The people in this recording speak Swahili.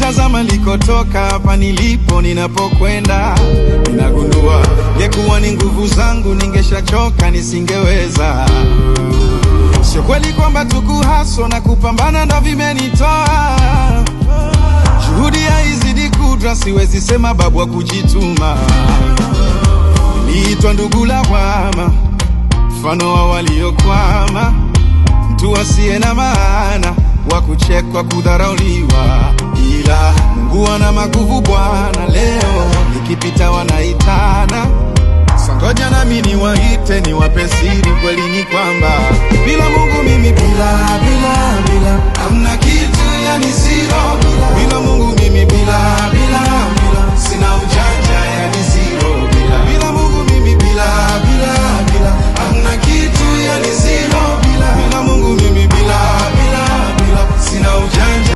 nikitazama likotoka hapa nilipo, ninapokwenda, ninagundua ngekuwa ni nguvu zangu, ningeshachoka, nisingeweza. Sio kweli kwamba tukuhaso na kupambana ndo vimenitoa, juhudi haizidi kudra, siwezi sema babu wa kujituma. Niitwa ndugu lawama, mfano wa waliokwama, mtu asiye na maana wa kuchekwa, kudharauliwa Nita Mungu ana maguvu Bwana, leo nikipita wanaitana, sangoja nami niwaite niwape siri